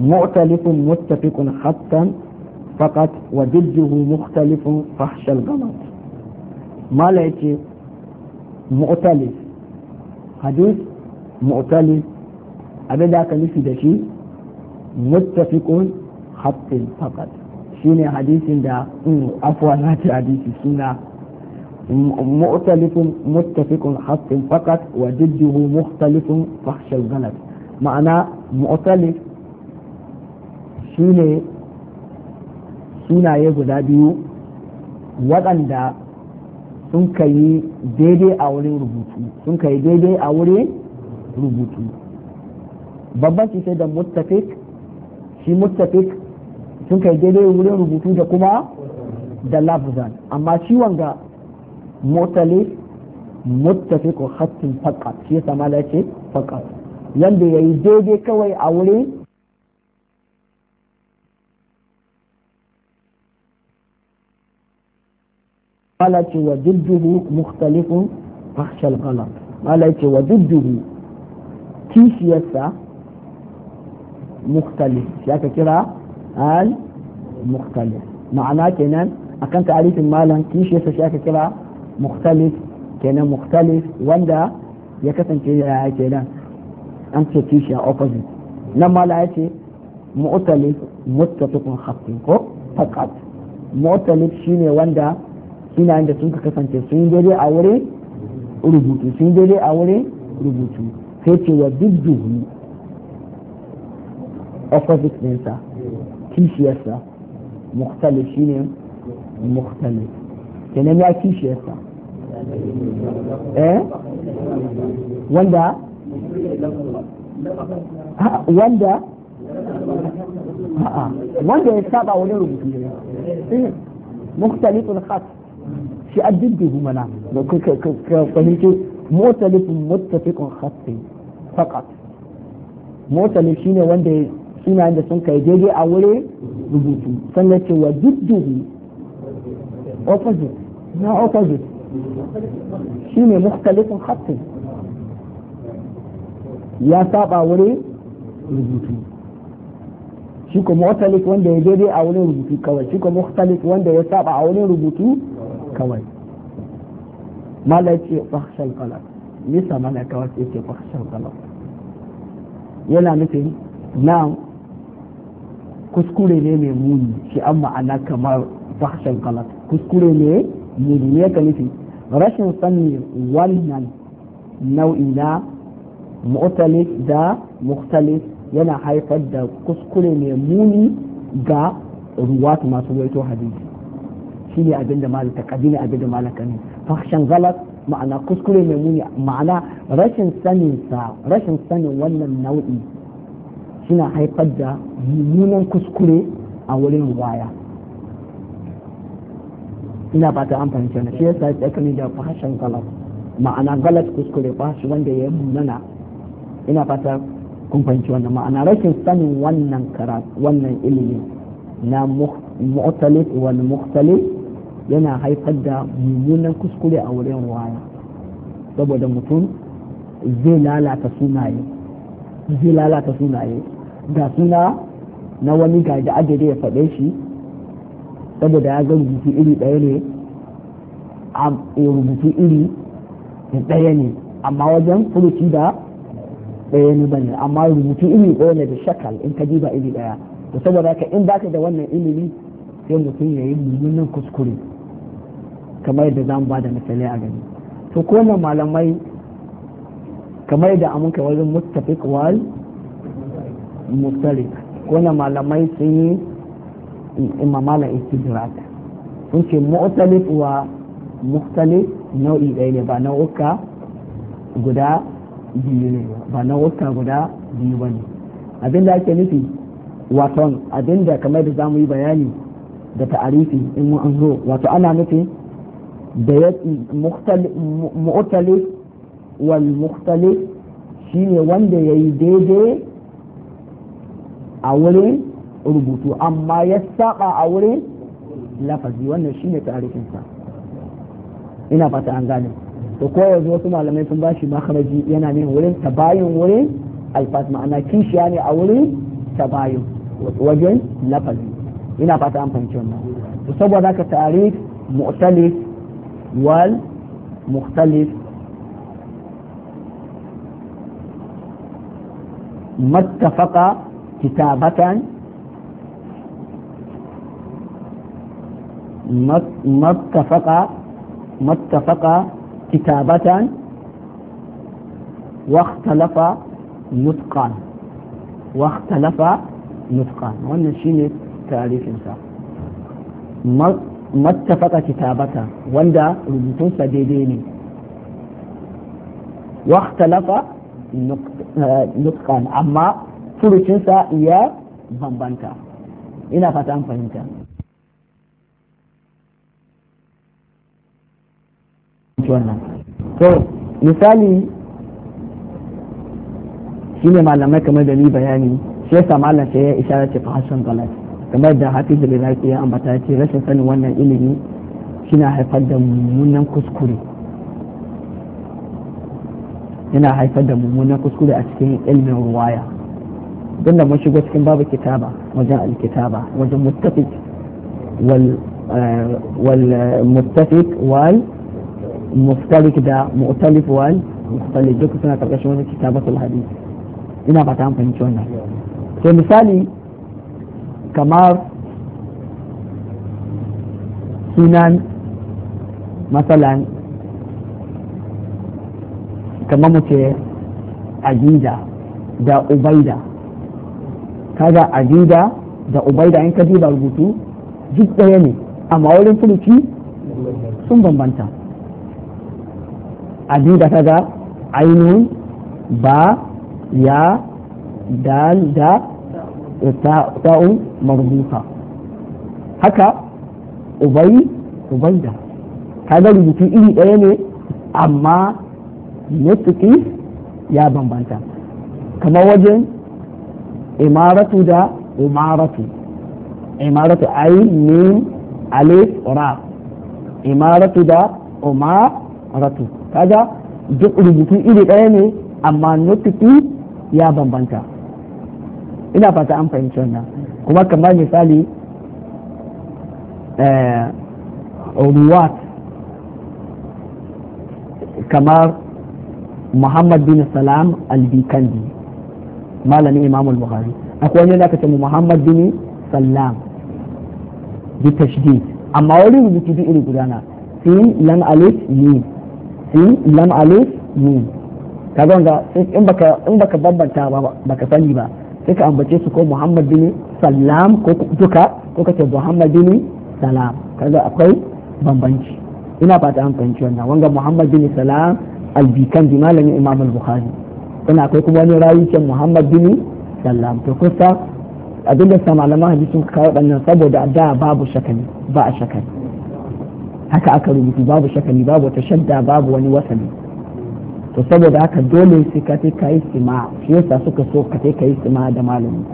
mu'talifun muttafiqun hattan faqat wa didduhu mukhtalifun fahshal gamat mala yace mu'talif hadith mu'talif abin da aka nufi da shi muttafiqun haqqin faqat shine hadisin da mm, afwa na ta hadisi suna mu'talifun muttafiqun haqqin faqat wa jidduhu mukhtalifun fakhshal ghalat ma'ana mu'talif shine sunaye guda biyu waɗanda sun kai daidai a wurin rubutu sun kai daidai a wurin rubutu babban shi sai da mustafik shi mustafik sun kai daidai wurin rubutu da kuma da lafzan amma shi wanga mutali wa hattin faqat shi yasa mala ce faqat yanda yi daidai kawai a wurin mala ce wa dudduhu mukhtalifun fakhshal ghalat mala ce wa dudduhu kishiyarsa muktalif shi aka kira al muktalif ma'ana kenan akan tarihin malam kishi shi aka kira muktalif kenan muktalif wanda ya kasance ya kenan an ce kishi a opposite nan mala ya ce mu'talif muttafiqun khatin ko faqat mu'talif shine wanda sunayen da sun kasance sun a rubutu sun dai a wurin rubutu sai ce wa duhu. opposite ɗinsa kishiyarsa shi shine mukhtalif kenan ya kishiyarsa eh wanda wanda wanda ya saba wani rubutu ne eh, mukhtalifun khat shi addiddihu kuma da ka fahimci mukhtalifun muttafiqun khat faqat mukhtalif shine wanda sunayen da sun kai daidai a wuri rubutu sannan ce wa jidduhu opposite na opposite shi ne mukhtalifin hattin ya saba wuri rubutu shi kuma mukhtalif wanda ya daidai a wurin rubutu kawai shi kuma mukhtalif wanda ya saba a wurin rubutu kawai mala ce fahshal qalb nisa mana kawai ce fahshal qalb yana nufin na'am kuskure ne mai muni shi an ma'ana kamar fahshan galat kuskure ne muni ne ka nufi rashin sanni wannan nau'i na mu'talif da mukhtalif yana haifar da kuskure mai muni ga ruwat masu waito hadisi shi ne abin da malaka ne abin da malaka ne fahshan galat ma'ana kuskure mai muni ma'ana rashin sanin sa rashin sanin wannan nau'i suna haifar da mummunan kuskure a wurin waya ina ba ta amfani shi yasa ya kani da fahashin galat ma'ana galat kuskure shi wanda ya munana ina fata ta fahimci wannan ma'ana rashin sanin wannan karatu wannan ilimi na mu'talif wani mukhtalif yana haifar da mummunan kuskure a wurin waya saboda mutum zai lalata sunaye zai lalata sunaye ga suna na wani gaji da ya faɗe shi saboda ya ga rubutu iri ɗaya ne a eh, rubutu iri ɗaya ne amma wajen furuci da ɗaya ne bane amma rubutu iri ɗaya ne da shakal in ka ba iri ɗaya to saboda haka in baka da wannan ilimi sai mutum ya yi mummunan kuskure kamar yadda za mu ba da misali a gani to ko malamai kamar yadda amurka wajen Mustapha wal mustarik wannan malamai sun yi imamala istidrak sun ce mu'talif wa muhtalif nau'i ɗaya ne ba nau'uka guda biyu ne ba nau'uka guda biyu ba ne abin da ake nufi waton abin da kamar da zamu yi bayani da ta'arifi in mu an zo wato ana nufi da ya mu'talif wal muhtalif shine wanda ya yi daidai a wurin rubutu amma ya saba a wurin lafazi wannan shi ne tarihinsa ina fata an gane to ko yanzu wasu malamai sun ba shi makaraji yana ne wurin tabayun wurin alfas ma'ana kishiya ne a wurin tabayun wajen lafazi ina fata an fahimci wannan to saboda ka tarif mu'talif wal mukhtalif متفق kitabatan mattafaka mattafaka kitabatan واختلف نطقا واختلف نطقا wannan shine mattafaka wanda rubutunsa daidai ne واختلف نطقا amma furucinsa ya bambanta ina fata an fahimta to misali shi ne malamai kamar da ni bayani shi yasa malam sai ya isharar ta fahashin galat kamar da hafiz da iraki ya ambata ce rashin sanin wannan ilimi na haifar da mummunan kuskure yana haifar da mummunan kuskure a cikin ilimin ruwaya tunda mun shigo cikin babu kitaba wajen alkitaba wajen muttafiq wal eh, wal muttafiq wal muftalik da mu'talif wal muftalik duk suna karkashin wani kitabatul hadith ina ba ta fahimci wannan to misali kamar sunan matsalan kamar mu ce ajiza da ubaida kaga adida da ubaida in ka diba rubutu duk ɗaya ne amma wurin furuci sun bambanta adida kaga ainun ba ya dal da ta'un marubuta haka ubai ubaida kaga rubutu iri ɗaya ne amma matuƙi ya bambanta kamar wajen imaratu da imaratu imaratu ayi min alif ra imaratu da umaratu kaga duk rubutu iri ɗaya ne amma nutuki ya bambanta ina fata an fahimci wannan kuma kamar misali eh, ruwat kamar muhammad bin salam albikandi malamin imam al-bukhari akwai wani da aka ce muhammad bin sallam bi tashdid amma wani rubutu bi iri gudana sin lam alif mim sin lam alif mim kaga wanda in baka in baka bambanta ba baka sani ba sai ka ambace su ko muhammad bin sallam ko duka ko kace muhammad bin salam kaga akwai bambanci ina fata an fahimci wannan wanga muhammad bin salam albikan bi malamin imam al-bukhari kuna akwai kuma wani rawi can muhammad bin sallam to kusa abin da sama malaman hadisi sun kawo waɗannan saboda da babu shakani ba a shakani haka aka rubutu babu shakani babu ta shadda babu wani wasani to saboda haka dole sai ka sai ka yi sima shi yasa suka so ka sai ka yi sima da malami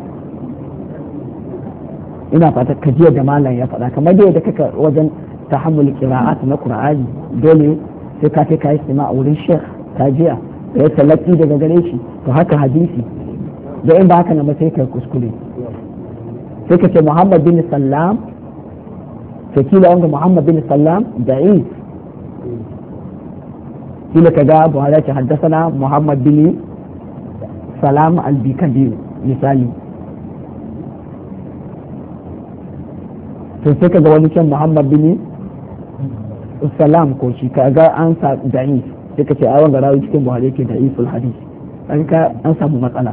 ina fata ka jiya da malam ya faɗa kamar da kaka wajen tahammul qira'at na qur'ani dole sai ka sai ka yi sima a wurin sheikh ta jiya ya talaki daga gare shi to haka hadisi da in ba haka na sai ka kuskure sai ka ce muhammad bin sallam sai kila wanda muhammad bin sallam yi kila ka ga buhari ce haddasana muhammad bin salam al-bikadir misali sai ka ga wani can muhammad bin salam ko shi ka ga an sa da'if sai ka ce a wanga rawi cikin buhari yake da iful hadis an ka an samu matsala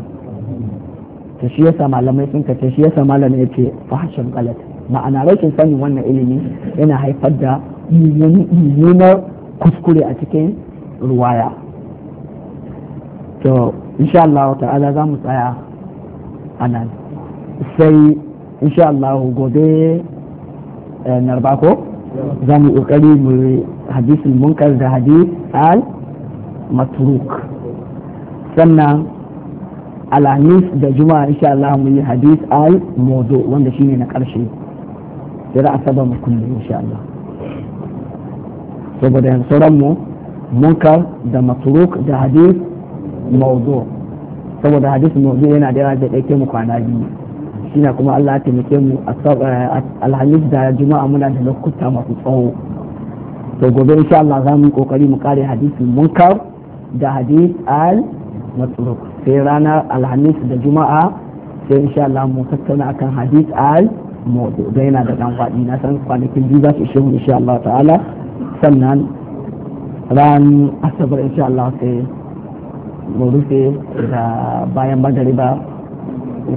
ta shi yasa malamai sun kace shi yasa malamai yace fahashin galat ma'ana rashin sanin wannan ilimi yana haifar da mummunar kuskure a cikin ruwaya to insha Allah ta'ala za mu tsaya a sai insha Allah gobe narbako eh, ko za mu kokari mu hadisul munkar da hadis al matruk sannan alhamis da juma'a insha Allah mu yi hadis al modo wanda shine na karshe sai da asaba mu kullu insha saboda yan sauran mu munkar da matruk da hadis mawdu saboda hadis mawdu yana da yawa da ɗauke mu kwana biyu shine kuma Allah ya taimake mu alhamis da juma'a muna da lokuta masu tsawo to gobe insha Allah za mu yi kokari mu kare hadisin munkar da hadis al matruk sai ranar alhamis da juma'a sai insha Allah mu tattauna akan hadis al mawdu da yana da dan faɗi na san kwanakin biyu za su ishe mu insha Allah ta'ala sannan ran asabar insha Allah sai mu rufe da bayan magariba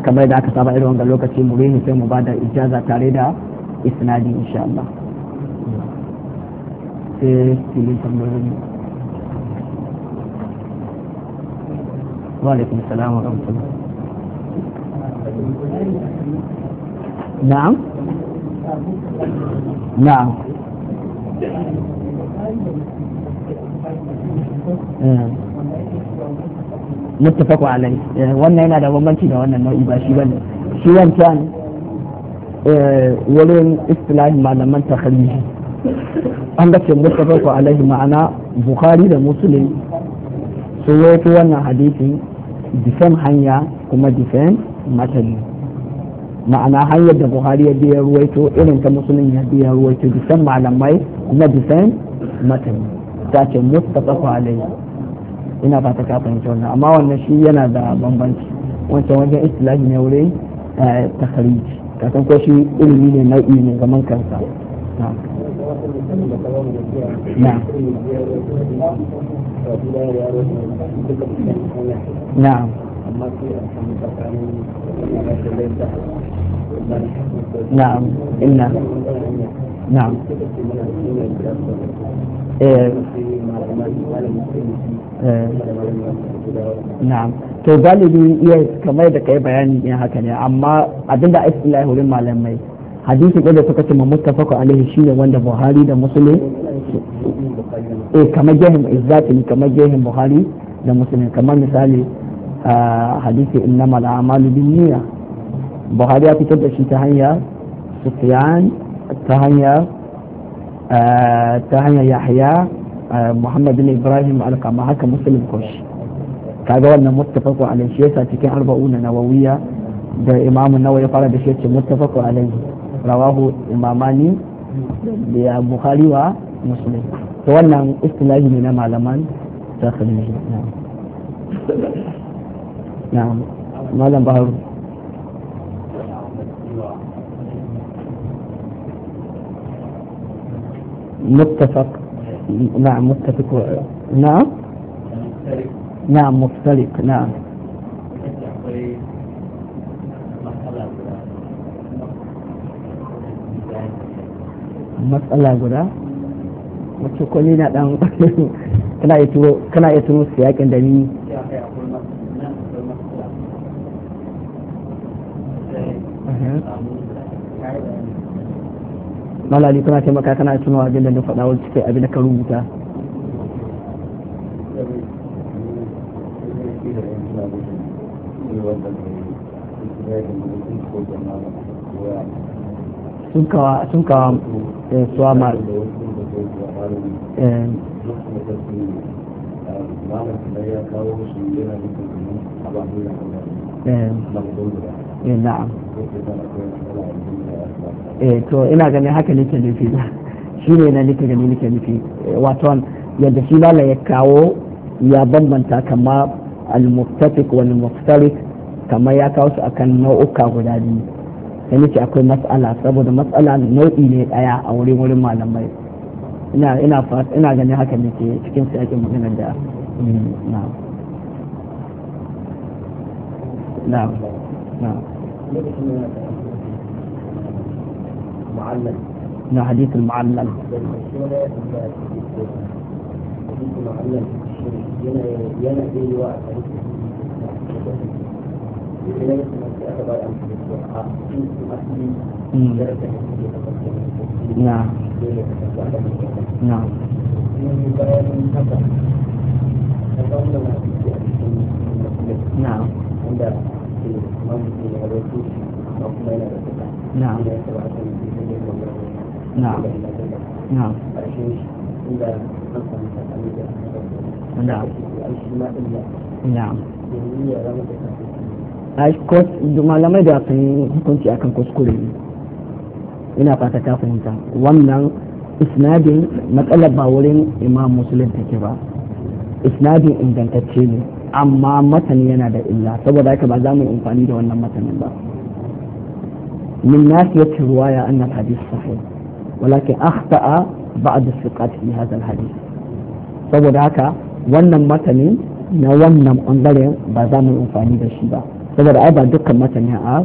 kamar da aka saba irin wanga lokaci mu rufe sai mu bada ijaza tare da isnadi insha Allah sai filin tambayoyi wa alaikum salam wa rahmatullah na'am na'am eh. muttafaku eh, wannan yana da da wannan nau'i ba shi bane shi wancan eh, wurin istilahi malaman takhriji an ga ce ko alaihi ma'ana bukhari da muslim yi wata wannan hadithi disan hanya kuma disan matali ma'ana hanyar da buhari ya biya ruwaito irin ta musulun ya biya ruwaito disan malamai kuma disan matali ta ce mustafa alaihi ina fata ta kafin wannan amma wannan shi yana da bambanci wancan wajen istilahi ne wurin eh, takhariji kasan ko shi ilimi ne nau'i ne zaman kansa نعم نعم إن نعم na'am to galibi iya kamar da kai bayani ne haka ne amma abinda ake lahurin malamai hadisi da suka ce muttafaqu alaihi shine wanda buhari da muslim eh kamar jahim izzati kamar jahim buhari da muslim kamar misali hadisi innama al'amalu binniya buhari ya fitar da shi ta hanya sufyan ta hanya ta hanya yahya muhammad bin ibrahim al-kama haka muslim koshi kaga wannan muttafaqu alaihi shi yasa cikin arba'una nawawiya da imamu nawawi fara da shi ce muttafaqu alaihi rawahu imamani da bukhari wa muslim to wannan istilahi ne na malaman na malam متفق نعم متفق نعم نعم مختلف نعم matsala guda wacce ko na dan *laughs* kana iya turo kana iya turo siyakin da ni malali kana maka kana tunawa abin da na faɗa wani cikin abin da ka rubuta Thank you. sun kawa suwa mara. to ina ganin haka nake nufi *laughs* shi ne na nake gani nake nufi eh, wato yadda shi lala ya kawo ya bambanta kama al-muftatik wal kama ya kawo su akan nau'uka guda biyu sai nace akwai mas'ala saboda mas'ala nau'i ne daya a wurin wurin malamai ina ina ina ganin haka ne ke cikin sayakin magana da na na na na hadith al-mu'allal yana yana yana na na na wanda نعم نعم نعم نعم نعم malamai da kan hukunci akan kuskure ne ina fata ta fahimta wannan isnadin matsalar ba wurin imam musulun take ba isnadin ingantacce ne amma matani yana da illa saboda haka ba za mu amfani da wannan matanin ba min nasiyat ruwaya anna hadith sahih walakin akhta'a ba'd as-siqat fi hadha al-hadith saboda haka wannan matanin na wannan bangaren ba za mu amfani da shi ba saboda ai ba dukkan masani a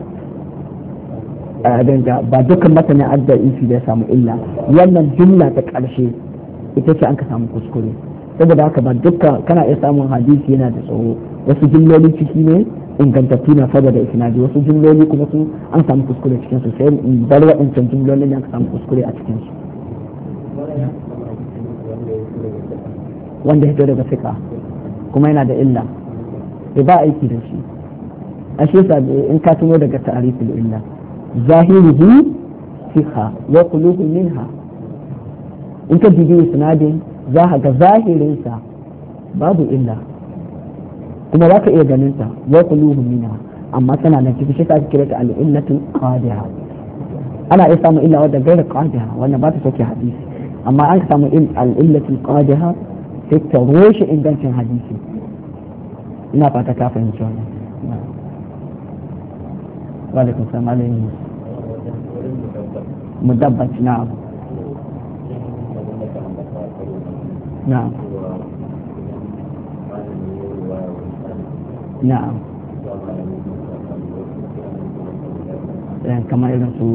danga ba dukkan a da isi da ya samu illa wannan jumla ta karshe ita ce an ka samu kuskure saboda haka ba dukkan kana iya samun hadisi yana da tsoro wasu jumloli ciki ne ingantattu na saboda isnadi wasu jumloli kuma su an samu kuskure cikin su sai bar waɗancan jumlolin ne aka samu kuskure a cikin su wanda ya daga fika kuma yana da illa ba aiki da shi ashe in ka tuno daga ta'arifin illa zahirihi fiha wa quluhu minha in ka bibi sinadin za ka ga sa babu illa kuma za ka iya ganin ta wa quluhu minha amma tana nan cikin shi ta kira ta al qadiha ana iya samun illa wadda gaira qadiha wannan ba ta sauke hadisi amma an samu al-illatul qadiha sai ta roshe ingancin hadisi ina fata ka fahimci wannan وعليكم السلام عليكم مدبج نعم نعم نعم irin su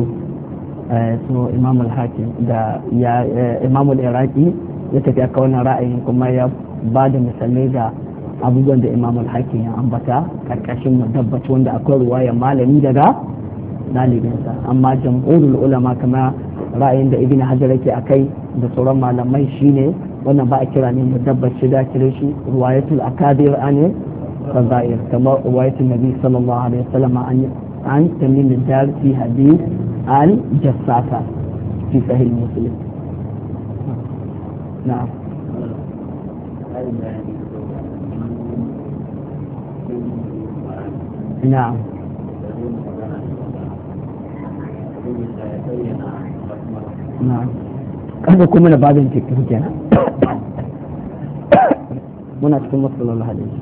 su imamul hakim da ya imamul iraki ya tafi aka wannan ra'ayin kuma ya ba da misalai da abubuwan da imam al-hakim ya ambata karkashin dabbaci wanda akwai ruwaya malami daga dalibinsa amma jam'urul ulama kama ra'ayin da ibn hajar yake akai da sauran malamai shine wannan ba a kira ne mudabbaci da kire shi ruwayatul akabir ane fazair kamar ruwayatul nabi sallallahu alaihi wasallam an an tamim dar fi hadith al jassasa fi sahih muslim na. نعم نعم أبوكم من بعض الكتب كنا يعني. من أتكلم مصطلح الله عليه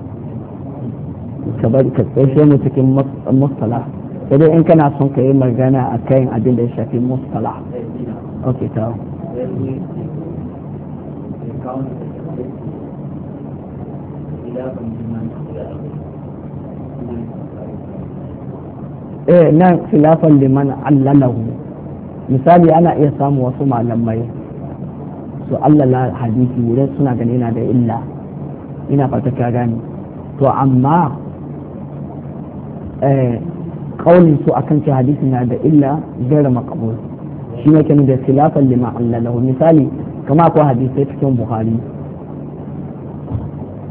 كبار كتبه شيء متكلم مصطلح إذا إن كان عصون كريم مرجانا أكاين عدين ليش في مصطلح أوكي تاو إلى eh nan khilafan liman allalahu misali ana iya samu wasu malamai su allala hadisi wurin suna gani yana da illa ina fata ka gani to amma kaunin eh, su akan ce hadisi na da illa gara makabul shi ne kan da khilafan liman allalahu misali kama ko hadisai cikin buhari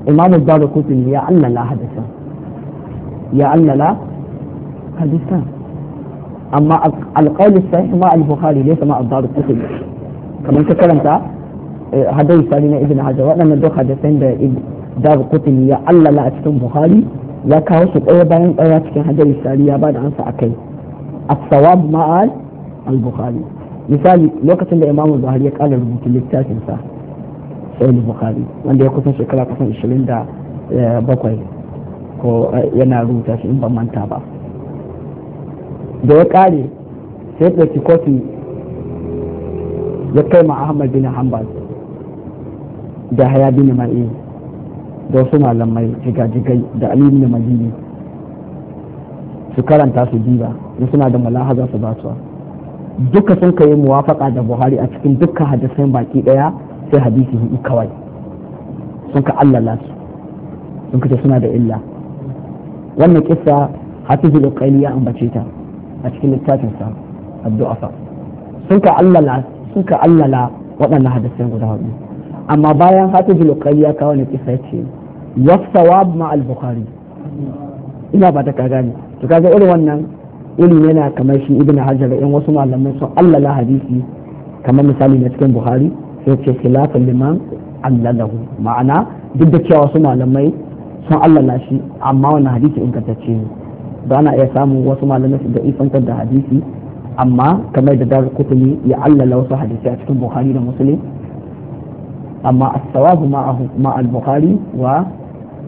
imamu da ya allala hadisan ya allala حديثان أما القول الصحيح ما البخاري ليس مع الدار القطني كما تكلمت هذا آه، سالين ابن حجر وأنا دوك حديثين دا دار القطني يا الله لا اكتم بخاري يا كاوس أي بيان أي اكتم هذا سالي يا بعد عن ساعتين الصواب ما قال البخاري misali lokacin da imamu buhari ya kala rubutu البخاري sai bukhari wanda ya kusan shekara kusan 27 ko yana rubuta shi in ban manta ba da ya kare sai ɗauki kofi ya kai ma ahmad bin hanbal da haya bin ma'i da wasu malamai jigajigai da ali bin madini su karanta su diba da suna da malahaza su ba duka sun kai muwafaka da buhari a cikin dukkan hadisai baki daya sai hadisi hudu kawai sun ka allala su sun kace suna da illa wannan kissa hafizu da ya ambace ta a cikin littafinsa sa addu'a sun ka allala sun ka allala waɗannan hadisai guda hudu amma bayan hatijul qariya kawo ne kisa yace wasawab ma al-bukhari ina ba ta ka gane to kaga irin wannan ilimi yana kamar shi ibn hajar in wasu malamai sun allala hadisi kamar misali na cikin buhari sai ce khilafin liman allalahu ma'ana duk da cewa wasu malamai sun allala shi amma wannan hadisi ingantacce ne ba na iya samun wasu malamai su da ifantar da hadisi amma kamar da dar kutumi ya allala wasu hadisi a cikin bukhari da muslim amma as-sawabu ma al-bukhari wa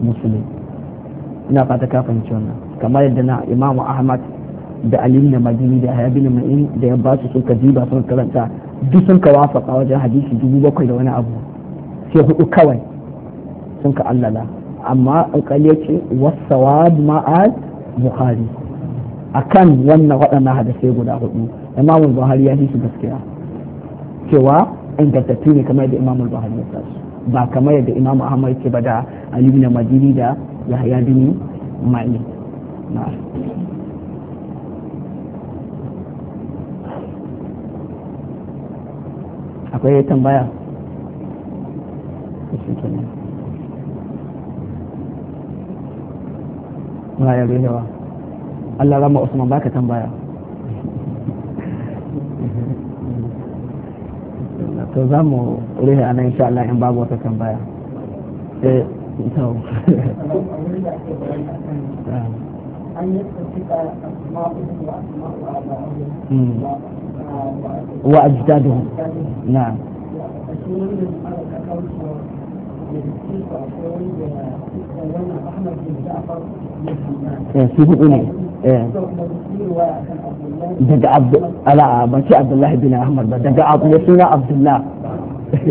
muslim ina fata ka fahimci wannan kamar yadda na imamu ahmad da aliyu na madini da haya bin ma'in da ya ba su suka diba sun karanta duk sun ka wafaka wajen hadisi dubu bakwai da wani abu sai hudu kawai sun ka allala amma an ya ce wasu sawab ma'al bukhari akan wannan waɗannan hadisai guda hudu imamul buhari ya su gaskiya cewa ingantattu ne kamar da imamul buhari ya tasu ba kamar yadda imam ahmad yake ba da ali bin madini da yahya bin mali akwai tambaya Thank you. muna ya ganewa Allah rama Usman baka tambaya to za mu rufe anan insha Allah in babu wata tambaya eh to وأجدادهم *laughs* نعم hmm. su ne daga ala ban abdullahi bin ahmad ba daga abu ya suna abdullah *laughs*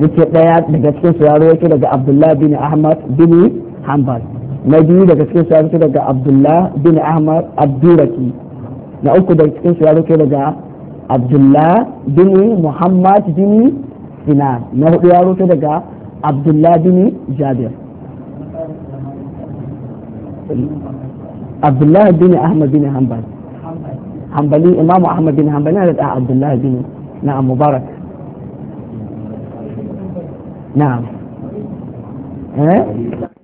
yake daya daga cikin yake daga abdullah bin ahmad bin hanbal na biyu daga cikin su yake daga abdullah bin ahmad abduraki na uku daga cikin su yake daga abdullah bin muhammad bin Ina na hudu ya roto daga abdullahi bin jabir abdullahi bin ahmad bin hanbal hanbali imamu ahmad bin hanbali na da abdullahi bin na mubarak na eh